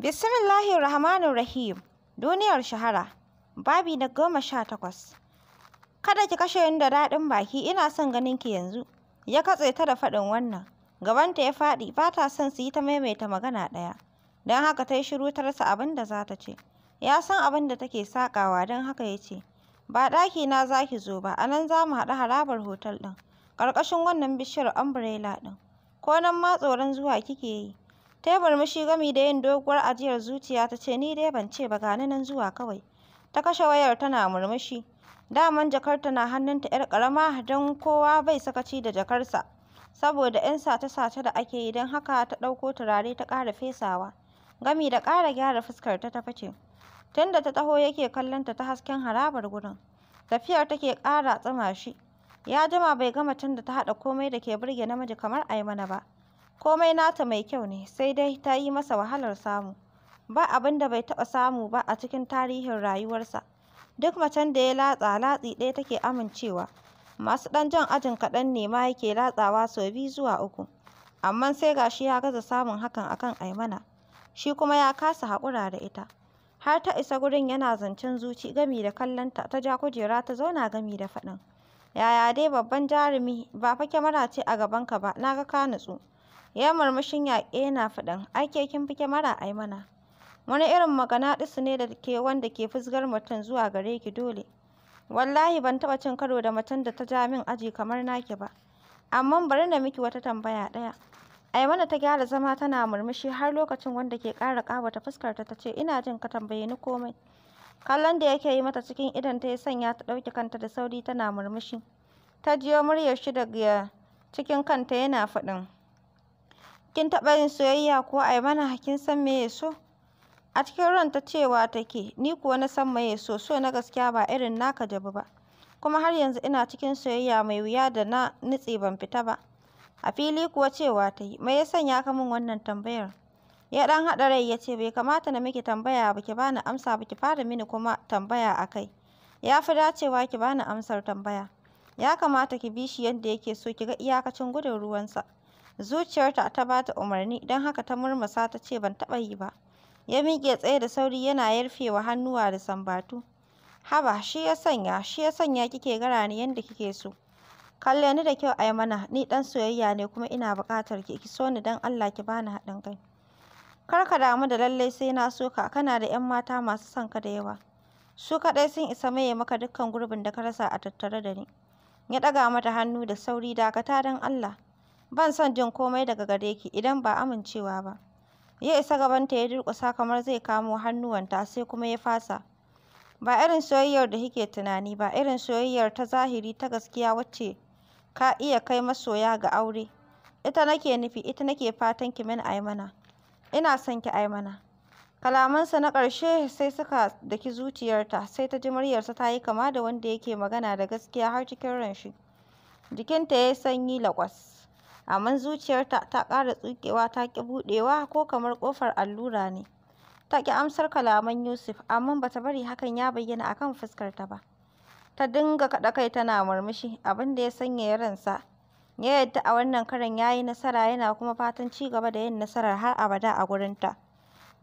Bismillahir Rahmanir Rahim. Duniyar shahara. Babi na goma sha takwas. Kada ki kashe ni da daɗin baki ina son ganin ki yanzu. Ya katse ta da faɗin wannan. Gabanta ya faɗi ba ta son su yi ta maimaita magana ɗaya. Don haka ta yi shiru ta rasa abin da za ta ce. Ya san abin da take saƙawa, don haka ya ce. Ba ɗaki na za ki zo ba, a nan za mu haɗa harabar hotel ɗin. Ƙarƙashin wannan bishiyar umbrella ɗin. Ko nan ma tsoron zuwa kike yi. Ta yi murmushi gami da yin doguwar ajiyar zuciya ta ce, Ni dai ban ce ba gani nan zuwa kawai. Ta kashe wayar tana murmushi. Daman jakarta na hannunta 'yar ƙarama don kowa bai sakaci da jakarsa. Saboda 'yan sace-sace da ake yi don haka ta ɗauko turare ta ƙara fesawa. Gami da ƙara gyara fuskar ta ta fice. Tunda ta taho yake kallonta ta hasken harabar gurin. Tafiyar take ƙara tsama shi. Ya jima bai gama tunda ta haɗa komai da ke burge namiji kamar Aimana ba. Komai nata mai kyau ne, sai dai ta yi masa wahalar samu. Ba abin da bai taɓa samu ba a cikin tarihin rayuwarsa. Duk macen da ya latsa, latsi ɗaya take amincewa. Masu ɗan jan ajin kaɗan ne ma yake latsawa sau biyu zuwa uku. Amma sai ga shi ya gaza samun hakan akan kan Aimana. Shi kuma ya kasa haƙura da ita. Har ta isa gurin yana zancen zuci gami da kallonta, ta ja kujera ta zauna gami da faɗin. Yaya dai babban jarumi, ba fa kyamara ce a gabanka ba, na ga ka nutsu. Ya murmushin yaƙe yana faɗin, ai kin fi kyamara ai mana. Wani irin maganaɗisu ne da ke wanda ke fusgar mutum zuwa gare ki dole. Wallahi ban taɓa cin karo da macen da ta ja min aji kamar naki ba. Amma bari na miki wata tambaya ɗaya. Aimana ta gyara zama tana murmushi har lokacin wanda ke ƙara ƙawata fuskarta ta ce ina jin ka tambaye ni komai. Kallon da yake yi mata cikin idon ta ya sanya ta ɗauke kanta da sauri tana murmushi. Ta jiyo muryar shi daga cikin kanta yana faɗin kin taɓa yin soyayya ko mana kin san me ya so? A cikin ranta cewa take, ni kuwa na san me ya so, so na gaskiya ba irin naka jabu ba. Kuma har yanzu ina cikin soyayya mai wuya da na nutse ban fita ba. A fili kuwa cewa ta yi, me ya sanya ka min wannan tambayar? Ya ɗan haɗa rai ya ce, bai kamata na miki tambaya ba ki bani amsa ba ki fara mini kuma tambaya a kai. Ya fi dacewa ki bani amsar tambaya. Ya kamata ki bi shi yadda yake so ki ga iyakacin gudun ruwansa. Zuciyarta ta ba ta umarni, don haka ta murmusa ta ce ban taɓa yi ba. Ya miƙe tsaye da sauri yana yarfewa hannuwa da sambatu. Haba, shi ya sanya, shi ya sanya kike gara ni yadda kike so. Kalle ni da kyau ai mana, ni ɗan soyayya ne kuma ina buƙatar ki, ki so ni don Allah ki bani haɗin kai. Kar ka damu da lallai sai na so ka, kana da ƴan mata masu son ka da yawa. Su kaɗai sun isa maye maka dukkan gurbin da ka rasa a tattare da ni. Ya ɗaga mata hannu da sauri, dakata don Allah. Ban son jin komai daga gare ki idan ba amincewa ba. Ya isa gabanta ya durƙusa kamar zai kamo hannuwanta sai kuma ya fasa. Ba irin soyayyar da kike tunani ba, irin soyayyar ta zahiri ta gaskiya wacce ka iya kai masoya ga aure. Ita nake nufi, ita nake fatan ki min Aimana. Ina son ki Aimana. Kalamansa na ƙarshe sai suka daki zuciyarta, sai ta ji muryarsa ta yi kama da wanda yake magana da gaskiya har cikin ranshi. Jikinta ya sanyi laƙwas. amma zuciyarta ta ƙara tsukewa ta ƙi buɗewa ko kamar ƙofar allura ne. Ta ƙi amsar kalaman Yusuf, amma bata bari hakan ya bayyana a kan fuskarta ba. Ta dinga kaɗa kai tana murmushi, abin da ya sanyaya ransa. Ya yadda a wannan karon ya yi nasara yana kuma fatan ci gaba da yin nasarar har abada a gurinta.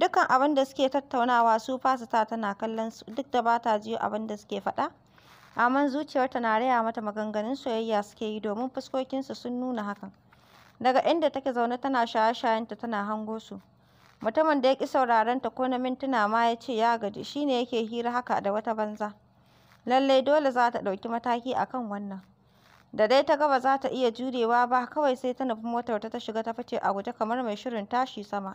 ta abin da suke tattaunawa su fasita tana kallon su duk da ba ta jiyo abin suke faɗa. Amma zuciyarta na raya mata maganganun soyayya suke yi domin fuskokinsu sun nuna hakan. daga inda take zaune tana shaye-shayenta tana hango su mutumin da ya ƙi sauraron ta ko na mintuna ma ya ce ya gaji shi ne yake hira haka da wata banza lallai dole za ta ɗauki mataki a kan wannan da dai ta ga ba za ta iya jurewa ba kawai sai ta nufi motar ta shiga ta fice a guje kamar mai shirin tashi sama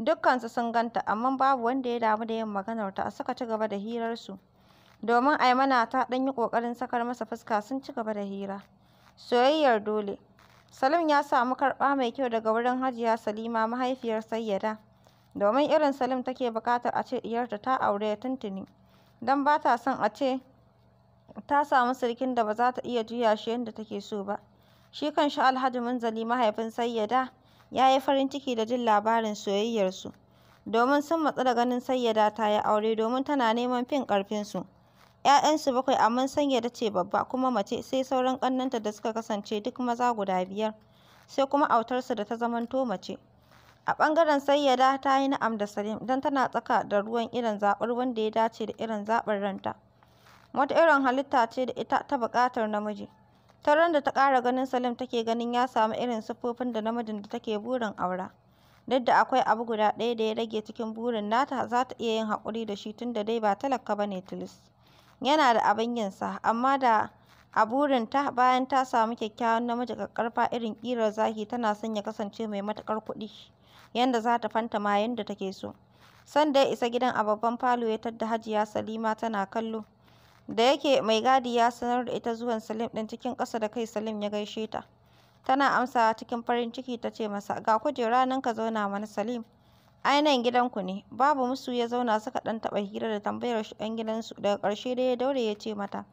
dukkansu sun ganta amma babu wanda ya damu da yin maganar ta suka ci gaba da hirarsu domin aimana ta ɗan yi ƙoƙarin sakar masa fuska sun ci gaba da hira soyayyar dole Salim ya samu karɓa mai kyau daga wurin Hajiya Salima mahaifiyar Sayyada, domin irin Salim take buƙatar a ce ɗiyarta ta aure tuntuni, don ba ta son a ce ta samu sirkin da ba za ta iya juya shi yadda take so ba. Shi kanshi Alhaji Munzali mahaifin Sayyada ya yi farin ciki da jin labarin soyayyarsu, domin sun matsu da ganin Sayyada ta yi aure domin tana neman fin ƙarfinsu. ‘Ya'yansu bakwai amma Sanyada ce babba kuma mace, sai sauran ƙannenta da suka kasance duk maza guda biyar, sai kuma autarsu da ta zamanto mace. A ɓangaren Sayyada ta yi na'am da Salim don tana tsaka da ruwan irin zaɓar wanda ya dace da irin zaɓar ranta. Wata irin halitta ce da ita ta buƙatar namiji. Ta randa da ta ƙara ganin Salim take ganin ya samu irin siffofin da namijin da take burin aura. Duk da akwai abu guda ɗaya da ya rage cikin burin nata, za ta iya yin haƙuri da shi tunda dai ba talaka ba ne tilis. Yana da abin yinsa, amma da a burinta, bayan ta samu kyakkyawan namiji ƙaƙƙarfa irin ƙirar zaki, tana son ya kasance mai matuƙar kuɗi, yanda za ta fanta ma yadda take so. Sanda ya isa gidan a babban falo ya tadda Hajiya Salima tana kallo. Da yake mai gadi ya sanar da ita zuwan Salim ɗin cikin ƙasa da kai Salim ya gaishe ta. Tana amsawa cikin farin ciki ta ce masa, ga kujera nan ka zauna mana Salim. Ai nan gidanku ne. Babu musu ya zauna suka ɗan taɓa hira da tambayar ‘yan gidansu. Daga ƙarshe dai ya daure ya ce mata,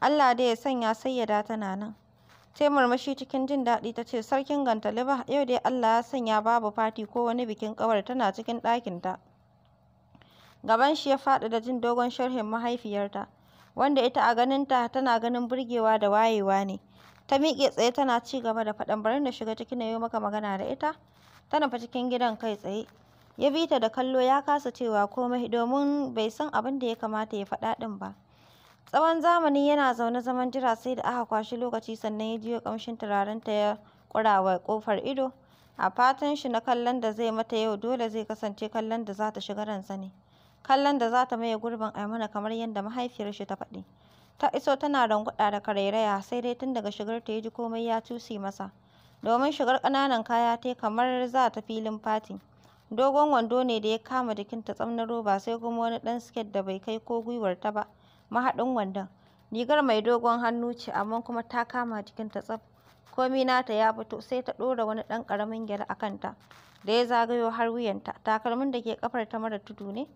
Allah dai ya sanya sayyada tana nan. Sai murmushi cikin jin daɗi ta ce, Sarkin Gantaliba, yau dai Allah ya sanya babu fati ko wani bikin ƙawar tana cikin ɗakinta. Gaban shi ya faɗi da jin dogon sharhin mahaifiyarta, wanda ita a ganinta tana ganin burgewa da wayewa ne. Ta miƙe tsaye tana ci gaba da faɗan bari na shiga ciki na yi maka magana da ita. Ta nufa cikin gidan kai tsaye. ya bi ta da kallo ya kasa cewa komai domin bai san abin da ya kamata ya faɗa ɗin ba tsawon zamani yana zaune zaman jira sai da aka kwashi lokaci sannan ya jiyo ƙamshin turarenta ya ƙurawa ƙofar ido a fatan shi na kallon da zai mata yau dole zai kasance kallon da za ta shiga ransa ne kallon da za ta maye gurbin Aimana kamar yadda mahaifiyar shi ta faɗi ta iso tana ranguɗa da karairaya sai dai tun daga shigar ta ya ji komai ya cusi masa domin shigar ƙananan kaya ta kamar za ta filin fati Dogon wando ne da ya kama jikinta tsam na roba sai kuma wani ɗan siket da bai kai ko gwiwarta ba mahaɗin wandon. Rigar mai dogon hannu ce amma kuma ta kama jikinta tsaf. Komai nata ya fito sai ta ɗora wani ɗan ƙaramin gyale a kanta da ya zagayo har wuyanta. Takalmin da ke kafar ta mara tudu ne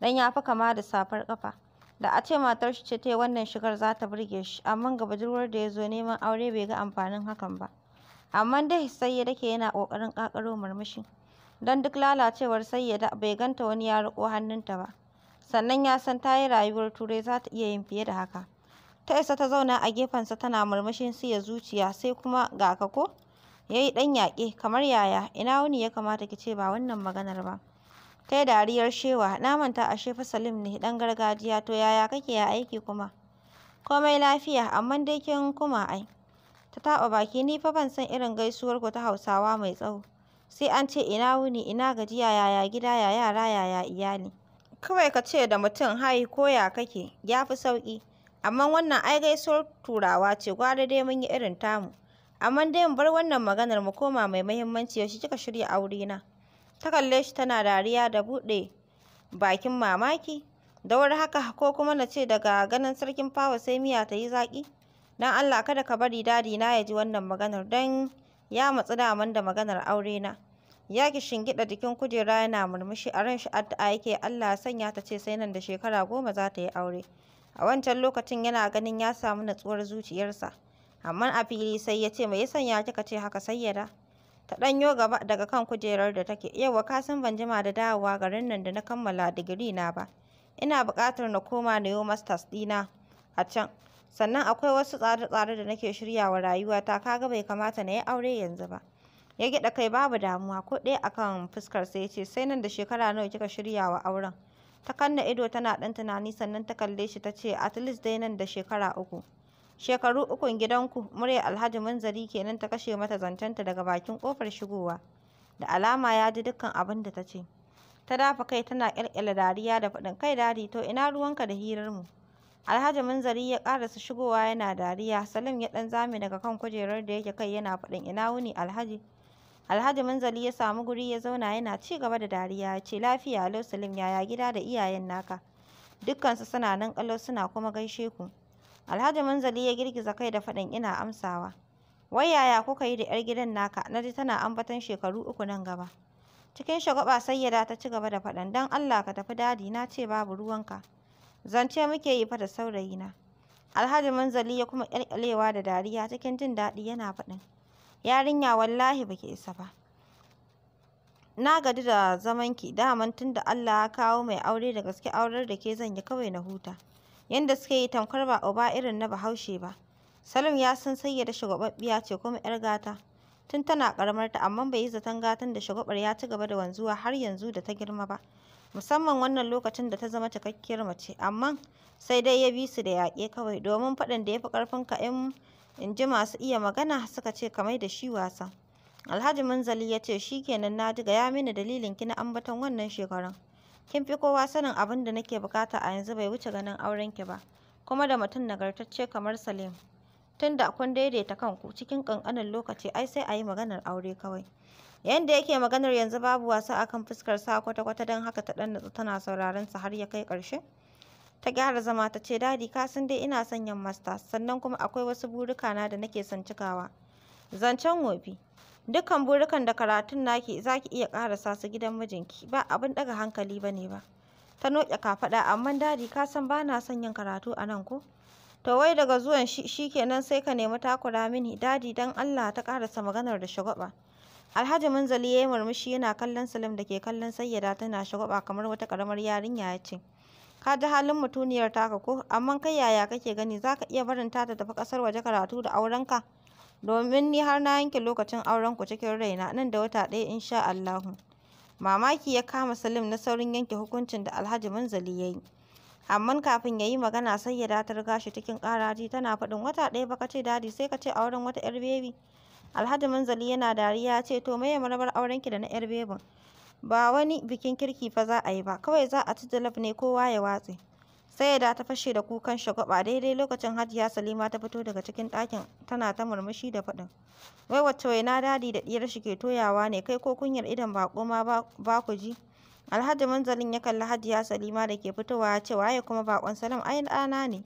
dan ya fi kama da safar kafa Da a ce matar shi ce ta yi wannan shigar za ta burge shi amma ga budurwar da ya zo neman aure bai ga amfanin hakan ba. Amma dai sai ya dake yana ƙoƙarin ƙaƙaro murmushi. don duk lalacewar Sayyada bai ganta wani ya riƙo hannunta ba. Sannan ya san ta yi rayuwar Turai za ta iya yin fiye da haka. Ta isa ta zauna a gefensa tana murmushin siya zuciya sai kuma ga ka ko? Ya yi ɗan yaƙe kamar yaya ina wuni ya kamata ki ce ba wannan maganar ba. Ta yi dariyar shewa na manta ashe fasalin ne ɗan gargajiya to yaya kake ya aiki kuma? Komai lafiya amma dai kin kuma ai. Ta taɓa baki ni fa ban san irin gaisuwar ku ta Hausawa mai tsawo. sai an ce ina wuni, ina gajiya, yaya gida, ya yara, yaya iyali. Kawai ka ce da mutum hai ko ya kake, ya fi sauƙi. Amma wannan ai gaisuwar Turawa ce, gwada dai mun yi irin tamu. Amma dai mu bar wannan maganar mu koma mai muhimmanci yaushe kika shirya aure na? Ta kalle shi tana dariya da buɗe bakin mamaki. Da wuri haka ko kuma na ce daga ganin sarkin fawa sai miya ta yi zaƙi. Don Allah kada ka bari dadi na ya ji wannan maganar don ya matsu daman da maganar aure na ya shingiɗa jikin kujera yana murmushi a ran shi addu'a yake Allah ya sanya ta ce sai nan da shekara goma za ta yi aure a wancan lokacin yana ganin ya samu natsuwar zuciyarsa amma a fili sai ya ce me ya sanya kika ce haka sayyada ta ɗanyo gaba daga kan kujerar da take yauwa ka san ban jima da dawowa garin nan da na kammala digiri na ba ina buƙatar na koma na yo masters ɗina a can sannan akwai wasu tsare-tsare da nake wa rayuwata kaga bai kamata na yi aure yanzu ba ya gyaɗa kai babu damuwa ko ɗaya akan fuskar sa ce, sai nan da shekara nawa kika shirya wa auren ta kanna ido tana ɗan tunani sannan ta kalle shi ta ce at least dai nan da shekara uku shekaru ukun gidanku murya alhaji manzari kenan ta kashe mata zancenta daga bakin kofar shigowa da alama ya ji dukkan abin da ta ce ta dafa kai tana ƙyalƙyala dariya da faɗin kai dadi to ina ruwanka da hirar mu Alhaji Munzari ya ƙarasa shigowa yana dariya, Salim ya ɗan zame daga kan kujerar da yake kai yana faɗin ina wuni Alhaji. Alhaji Munzali ya samu guri ya zauna yana ci gaba da dariya ya ce lafiya lau Salim yaya gida da iyayen naka. Dukkansu suna nan ƙalau suna kuma gaishe ku. Alhaji Munzali ya girgiza kai da faɗin ina amsawa. Wai yaya kuka yi da 'yar gidan naka na ji tana ambaton shekaru uku nan gaba. Cikin shagwaɓa sayyada ta ci gaba da faɗin don Allah ka tafi dadi na ce babu ruwanka. Zance muke yi fa da saurayina. Alhaji Munzali ya kuma ƙyalƙyalewa da dariya cikin jin daɗi yana faɗin. Yarinya wallahi baki isa ba. Na gaji da zamanki daman tun da Allah ya kawo mai aure da gaske aurar da ke zan yi kawai na huta. Yanda suke yi tamkar ba uba irin na Bahaushe ba. Salim ya san sai ya da shagwaɓaɓɓiya ce kuma 'yar gata. tun tana ƙaramarta amma bai yi zaton gatan da shagwabar ya ci gaba da wanzuwa har yanzu da ta girma ba musamman wannan lokacin da ta zama cikakkiyar mace amma sai dai ya bi su da yaƙe kawai domin faɗin da ya fi ƙarfin ka in ji masu iya magana suka ce kamai da shi wasa alhaji munzali ya ce shi kenan na ji gaya mini dalilin ki na ambaton wannan shekarun kin fi kowa sanin abin da nake bukata a yanzu bai wuce ganin aurenki ba kuma da mutum nagartacce kamar salim tunda kun daidaita kanku cikin ƙanƙanin lokaci ai sai a yi maganar aure kawai yanda yake maganar yanzu babu wasa akan fuskar sa kwata-kwata don haka ta ɗan natsu tana sauraron sa har ya kai ƙarshe ta gyara zama ta ce dadi ka san dai ina son yin masta sannan kuma akwai wasu burika na da nake son cikawa zancen gobe dukkan burikan da karatun naki zaki iya ƙarasa su gidan mijinki ba abin ɗaga hankali bane ba ta noƙe kafaɗa amma dadi ka san bana son yin karatu a nan ko To wai daga zuwan shi shikenan sai ka nemi takura mini, dadi dan Allah ta karasa maganar da shugaba. Alhaji Munzali ya yi murmushi yana kallon Salim da ke kallon Sayyada tana shugaba kamar wata karamar yarinya ya ce, Ka ji halin mutuniyar taka ko, amma kai yaya kake gani za ka iya barin ta ta tafi ƙasar waje karatu da aurenka? Domin ni har na yanke lokacin auren ku cikin raina nan da wata ɗaya insha Allahu. Mamaki ya kama Salim na saurin yanke hukuncin da Alhaji Munzali ya yi. Amma kafin ya yi magana sai ya datar gashi cikin ƙaraji tana faɗin wata ɗaya ba ka ce dadi sai ka ce auren wata 'yar bebi. Alhaji Manzali yana dariya ya ce to me ya marabar ki da na 'yar bebin. Ba wani bikin kirki fa za a yi ba kawai za a ci jalof ne kowa ya watse. Sai da ta fashe da kukan shagwaba daidai lokacin Hajiya Salima ta fito daga cikin ɗakin tana ta murmushi da faɗin. Wai wacce waina dadi da ɗiyar shi ke toyawa ne kai ko kunyar idan bako ma ba ku ji. Alhaji Manzalin ya kalli Hajiya Salima da ke fitowa ya ce waye kuma bakon Salim ai ɗana ne.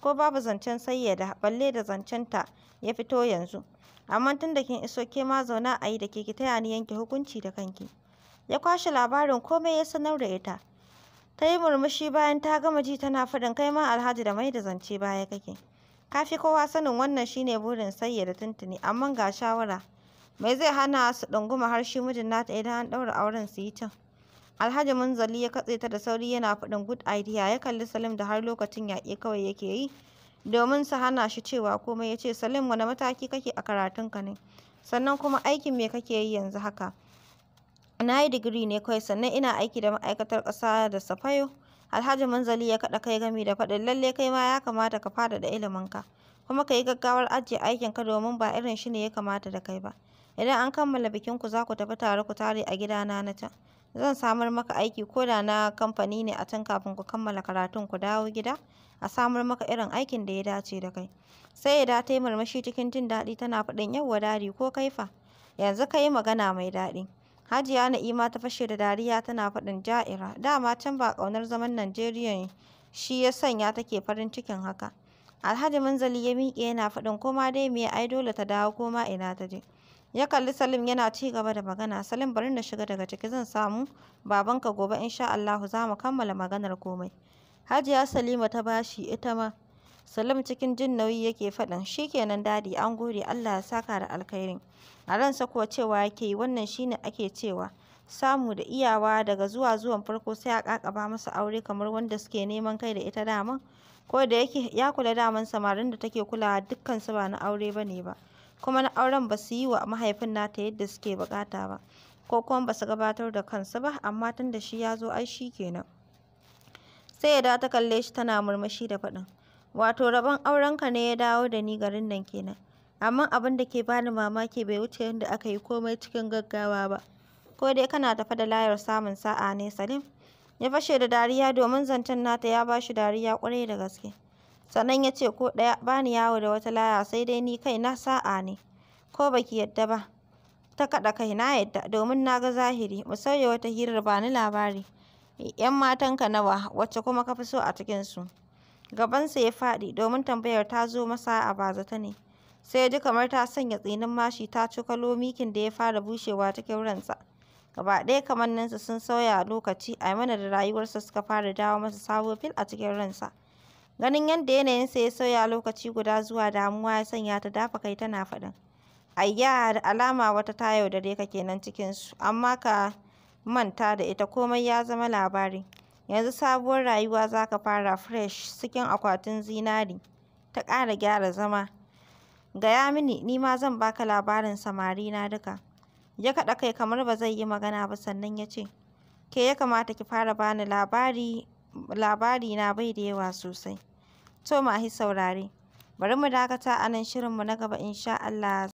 Ko babu zancen sayyada balle da zancen ta ya fito yanzu. Amma tun da kin iso ke ma zauna a yi da ke ki taya ni yanke hukunci da kanki. Ya kwashe labarin komai ya sanar da ita. Ta yi murmushi bayan ta gama ji tana faɗin kai ma Alhaji da mai da zance baya kake. Ka fi kowa sanin wannan shine burin sayyada tuntuni amma ga shawara. Mai zai hana su ɗunguma har shi mijin nata idan an ɗaura auren su yi can. Alhaji Munzali ya katse ta da sauri yana faɗin good idea ya kalli Salim da har lokacin yaƙe kawai yake yi domin su hana shi cewa komai ya ce Salim wani mataki kake a karatunka ne sannan kuma aikin me kake yi yanzu haka na yi digiri ne kawai sannan ina aiki da ma'aikatar ƙasa da Safayo Alhaji Munzali ya kaɗa kai gami da faɗin lalle kai ma ya kamata ka ilimin iliminka kuma ka yi gaggawar ajiye aikinka domin ba irin shi ne ya kamata da kai ba idan an kammala bikinku za ku tafi tare ku tare a gidana na can zan samar maka aiki ko da na kamfani ne a can kafin ku kammala karatun ku dawo gida a samar maka irin aikin da ya dace da kai sai ya ta yi murmushi cikin jin daɗi tana faɗin yau wa dari ko kaifa yanzu ka yi magana mai daɗi hajiya na'ima ta fashe da dariya tana faɗin ja'ira dama can ba ƙaunar zaman najeriya shi ya sanya take farin cikin haka alhaji manzali ya miƙe yana faɗin koma dai me ai dole ta dawo koma ina ta je ya kalli Salim yana ci gaba da magana Salim bari na shiga daga ciki zan samu babanka gobe insha Allahu za mu kammala maganar komai Hajiya Salima ta bashi ita ma Salim cikin jin nauyi yake faɗin shikenan dadi an gode Allah ya saka da alkhairin a ransa kuwa cewa yake yi wannan shine ake cewa samu da iyawa daga zuwa zuwan farko sai a kakaba masa aure kamar wanda suke neman kai da ita daman ko da yake ya kula daman samarin da take kulawa dukkan su ba na aure bane ba kuma na auren ba su yi wa mahaifin nata yadda suke bukata ba ko kuma ba su gabatar da kansu ba amma tun da shi ya zo ai shi kenan sai ya da ta kalle shi tana murmushi da faɗin wato rabon aurenka ne ya dawo da ni garin nan kenan amma abin da ke bani mamaki bai wuce yadda aka yi komai cikin gaggawa ba ko dai kana tafe da layar samun sa'a ne salim ya fashe da dariya domin zancen nata ya ba shi dariya kwarai da gaske Sannan ya ce ko ɗaya ba ni yawo da wata laya sai dai ni kai na sa'a ne, ko ba ki yadda ba. Ta kaɗa kai na yadda domin na ga zahiri, mu sauya wata hirar ba ni labari. ‘Yan matanka nawa, wacce kuma ka fi so a cikinsu? Gabansa ya faɗi domin tambayar ta zo masa a bazata ne. Sai ya ji kamar ta sanya tsinin mashi ta cokalo mikin da ya fara bushewa cikin ransa. Gaba ɗaya kamar kamanninsa sun sauya lokaci a mana da rayuwarsa suka fara dawo masa sabo fil a cikin ransa. Ganin yadda yanayinsa ya sauya lokaci guda zuwa damuwa ya sanya ta dafa kai tana faɗin, Ayya da alama wata ta yaudare ka kenan cikinsu, amma ka manta da ita komai ya zama labari. Yanzu sabuwar rayuwa za ka fara fresh cikin akwatin zinari. Ta ƙara gyara zama. Gaya mini, ni ma zan baka labarin samari na duka. Ya kaɗa kai kamar ba zai yi magana ba sannan ya ce, Ke ya kamata ki fara bani labari, na bai da yawa sosai. To masu saurare, bari mu dakata a nan shirinmu na gaba insha Allah.